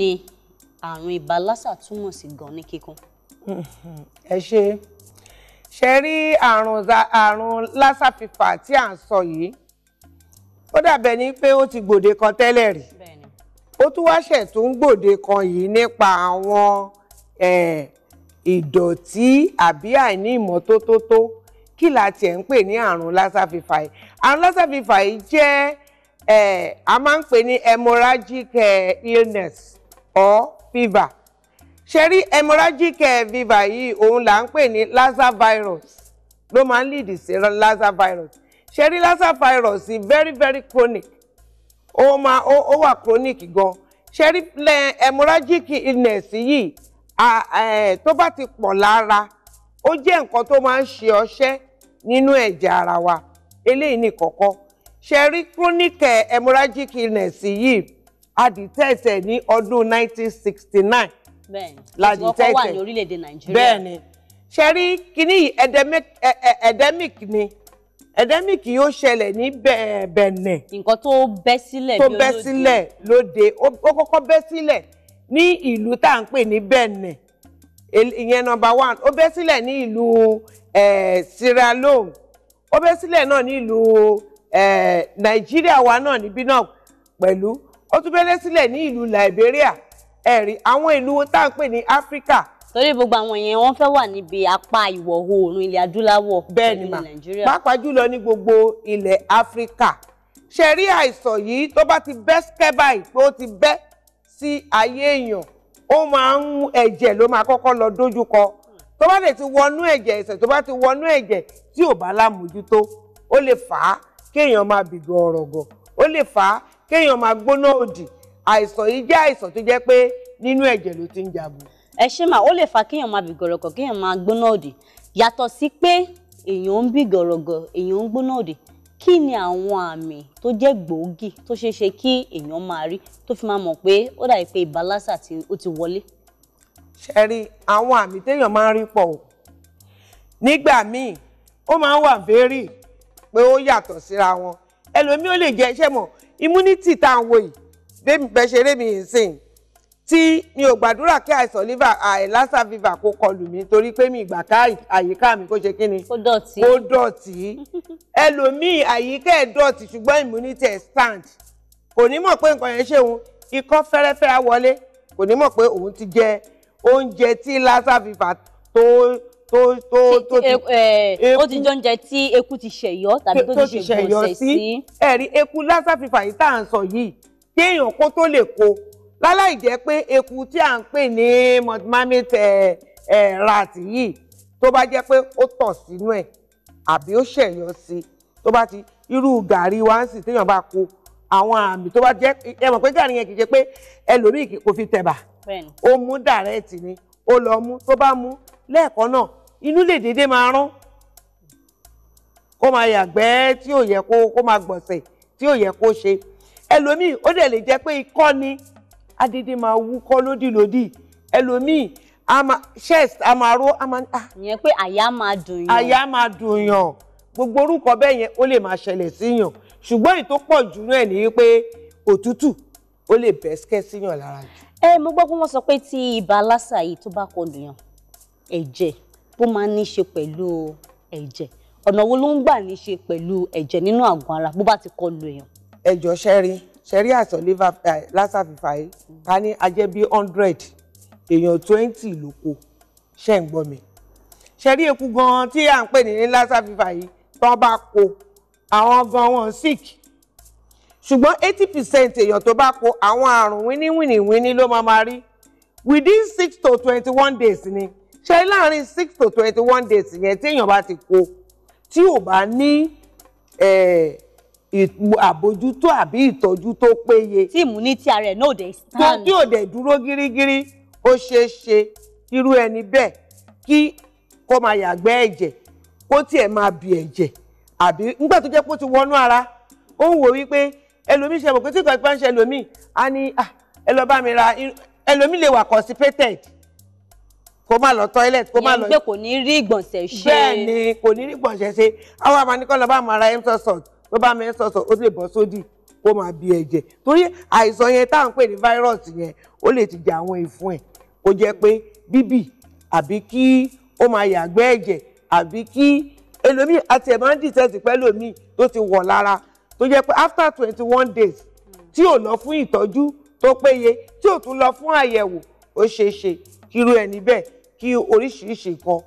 ni àrùn ibà lásà túmọ̀ sí gan ní kíkún. ẹ ṣe ṣe rí àrùn lásà fífà tí à ń sọ yìí ó dàbẹ̀ ni pé ó ti gbòde kan tẹ́lẹ̀ rí ó tún wá ṣẹ̀ tó ń gbòde kan yìí nípa àwọn ìdọ̀tí àbí àìní ìmọ́tótó kí la tiẹ̀ ń pè ní àrùn lásà fífà yìí àrùn lásà fífà yìí jẹ́ a máa ń pè ní hemorrhagic illness or fever ṣe rí hemorrhagic eh, fever yìí òun là ń pè ní Lassa virus ló máa ń lead sí Lassa virus ṣe Lassa virus very very chronic ó máa ó wà chronic gan ṣe rí hemorrhagic illness yìí eh, tó bá ti pọ̀ lára ó jẹ́ nǹkan tó máa ń ṣe ọṣẹ́ nínú ẹ̀jẹ̀ ara wa eléyìí ní kọ̀kọ́ ṣe chronic eh, hemorrhagic illness yìí adìtẹ̀tẹ̀ ní ọdún 1969 ládìtẹ̀tẹ̀ wà ní orílẹ̀-èdè nàìjíríà bẹ́ẹ̀ ni ṣe endemic ni endemic yóò ṣẹlẹ̀ ní bẹ̀ẹ̀nẹ̀ nǹkan tó bẹ́ sílẹ̀ tó bẹ́ sílẹ̀ lóde ó kọ́kọ́ bẹ́ sílẹ̀ ní ìlú tá à ń pè ní bẹ̀ẹ̀nẹ̀ ìyẹn number one ó bẹ́ sílẹ̀ ní ìlú e, Sierra Leone ó bẹ́ sílẹ̀ náà ní ìlú e, nàìjíríà wa náà níbí náà pẹ̀lú ó tún bẹ́lẹ́ sílẹ̀ ní ìlú Liberia ẹ̀rí àwọn ìlú tá à ń pè ní Áfíríkà. torí gbogbo àwọn yẹn wọ́n fẹ́ wà níbi apá ìwọ̀ oòrùn ilẹ̀ adúláwọ̀ bẹ́ẹ̀ni mà pàápàá jùlọ ní gbogbo ilẹ̀ Áfíríkà ṣe rí àìsàn yìí tó bá ti bẹ́ skẹ́ báyìí ó ti bẹ́ sí ayé èèyàn ó máa ń ẹ̀jẹ̀ ló máa kọ́kọ́ lọ dojúkọ tó bá dẹ̀ ti wọnú ẹ̀jẹ̀ ẹ̀sẹ̀ tó bá ti wọnú ẹ̀jẹ̀ tí ò bá lámójútó ó lè fà á kéèyàn máa bìgàn ọ̀rọ̀gàn ó lè fà á kéèyàn máa gbóná òdì àìsàn yìí jẹ́ àìsàn tó jẹ́ pé nínú ẹ̀jẹ̀ ló ti ń jabu. ẹ ṣe mà ó lè fa kéèyàn máa bì gọ̀rọ̀gọ̀ kéèyàn máa gbóná òdì yàtọ̀ sí pé èèyàn ń bì gọ̀rọ̀gọ̀ èèyàn ń gbóná òdì kí ni àwọn àmì tó jẹ́ gbòógì tó ṣeé ṣe kí èèyàn máa rí tó fi máa mọ̀ pé ó dàbí pé ibà ó ti wọlé. ṣe rí àwọn àmì téèyàn máa ń rí pọ̀ o nígbà míì ó máa ń wà bẹ́ẹ̀rì pé ó yàtọ̀ síra wọn ẹlòmíì ó lè jẹ iṣẹ́ mọ̀ immunity tá à ń wò yìí bẹ́ẹ̀ ṣe rémi yìí sìn tí mi ò gbàdúrà kí àìsàn liver àìlásà fever kó kọlù mí torí pé mi ìgbà ká àyíká mi kó ṣe kíni kó dọ̀tí kó dọ̀tí ẹlòmíì àyíká ẹ̀ dọ̀tí ṣùgbọ́n immunity ẹ̀ stand kò ní mọ̀ pé nǹkan yẹn ṣe òun ikọ́ fẹ́rẹ́fẹ́ á wọlé kò ní mọ̀ pé òun ti jẹ oúnjẹ tí lásà fever tó tó tó ti eh, eku ó ti jọ oúnjẹ tí eku ti ṣẹ̀yọ́ tàbí tó ti ṣe gbọ̀nsẹ̀ sí. ẹ̀rí eku lassa fever yìí tá à ń sọ yìí téèyàn kó tó lè kó láláì jẹ́ pé eku tí à ń pè ní mọ̀tìmámẹ́t eh, eh, rat yìí tó bá jẹ́ pé ó tọ̀ sínú ẹ̀ àbí ó ṣẹ̀yọ́ sí tó bá ti irú gàrí wa ń sìn téèyàn bá kó àwọn àmì tó bá jẹ́ ẹ mọ̀ pé gàrí yẹn kì í ṣe pé ẹlòmíì kò fi tẹ̀bà ó mú dàrẹ́ẹ̀tì ni ó lọ mú tó bá mú lẹ́ẹ̀kan náà inú lè dédé máa rán kó máa yàgbẹ́ tí ò yẹ kó kó máa gbọ̀nsẹ̀ tí ò yẹ kó ṣe ẹlòmíì ó dẹ̀ lè jẹ́ pé ikọ́ ni adédé máa wúkọ́ lódìlódì ẹlòmíì ama chest ama ro ama. Ah. ìyẹn pé àyà máa dùn yàn. àyà máa dùn yàn gbogbo orúkọ bẹ́ẹ̀ yẹn ó lè máa ṣẹlẹ̀ síyàn ṣùgbọ́n èyí tó pọ̀ jù náà ni pé òtútù ó lè bẹ́sikẹ́ síyàn lára jù. ẹ mo gbọ́ pé wọ́n sọ pé tí ibà lásà yìí tó bá kọlù yàn ẹ̀jẹ̀ bó máa ń ní ṣe pẹ̀lú ẹ̀jẹ̀ ọ̀nà wo ló ń gbà ní ṣe pẹ̀lú ẹ̀jẹ̀ nínú àgọ́ ara bó bá ti kọlu èèyàn. ẹjọ ṣẹrí ṣẹrí àìsàn lassa fífa yìí ká hmm. ní ajẹ́ bíi hundred èèyàn twenty ló kó ṣe ń gbọ́ mi ṣẹrí eku gan-an tí à ń pè ní lassa fífa yìí tán bá kó àwọn gan wọn sick ṣùgbọ́n eighty percent èèyàn tó bá kó àwọn àrùn wíníwíníwíní ló máa máa rí within six to twenty one days ni ṣe láàrin six to twenty one days yẹn tí èèyàn bá ti kó tí ò bá ní àbójútó àbí ìtọ́jú tó péye. tí ìmúnitì ara ẹ̀ náà ò dé stand. tí ò dé dúró gírígírí ó ṣeé ṣe irú ẹni bẹ́ẹ̀ kí kó máa yàgbẹ́ ẹ̀jẹ̀ kó tiẹ̀ máa bì ẹ̀jẹ̀ àbí nígbà tó jẹ́ pé ó ti wọnú ara ó ń wò wípé ẹlòmíì ṣe mọ̀ pé tí nǹkan ìpá ń á ní ah, ẹ lè wà constipated kó má lọ toilet kó má lọ. ìyẹn pé kò ní rí ìgbọ̀nsẹ̀ ṣe. bẹ́ẹ̀ ni kò ní rí ìgbọ̀nsẹ̀ ṣe àwọn àmàníkọ́lọ́ bá máa ra emsosalt bó bá máa emsosalt ó lè bọ́ sódì kó máa bí ẹ̀jẹ̀ torí àìsàn yẹn tá à ń pè ní virus yẹn ó lè ti jẹ àwọn ìfun ẹ̀ kó jẹ́ pé bíbì àbí kí ó máa yàgbẹ́ ẹ̀jẹ̀ àbí kí ẹlòmíì àti ẹ̀ máa ń dìtẹ́sì pẹ́lòmíì tó ti wọ̀ lára tó jẹ́ pé after twenty one days tí ò lọ fún ìtọ́jú tó péye tí ò tún lọ fún àyẹ̀wò ó ṣeé ṣe kírú ẹni bẹ́ẹ̀ kí oríṣiríṣi nǹkan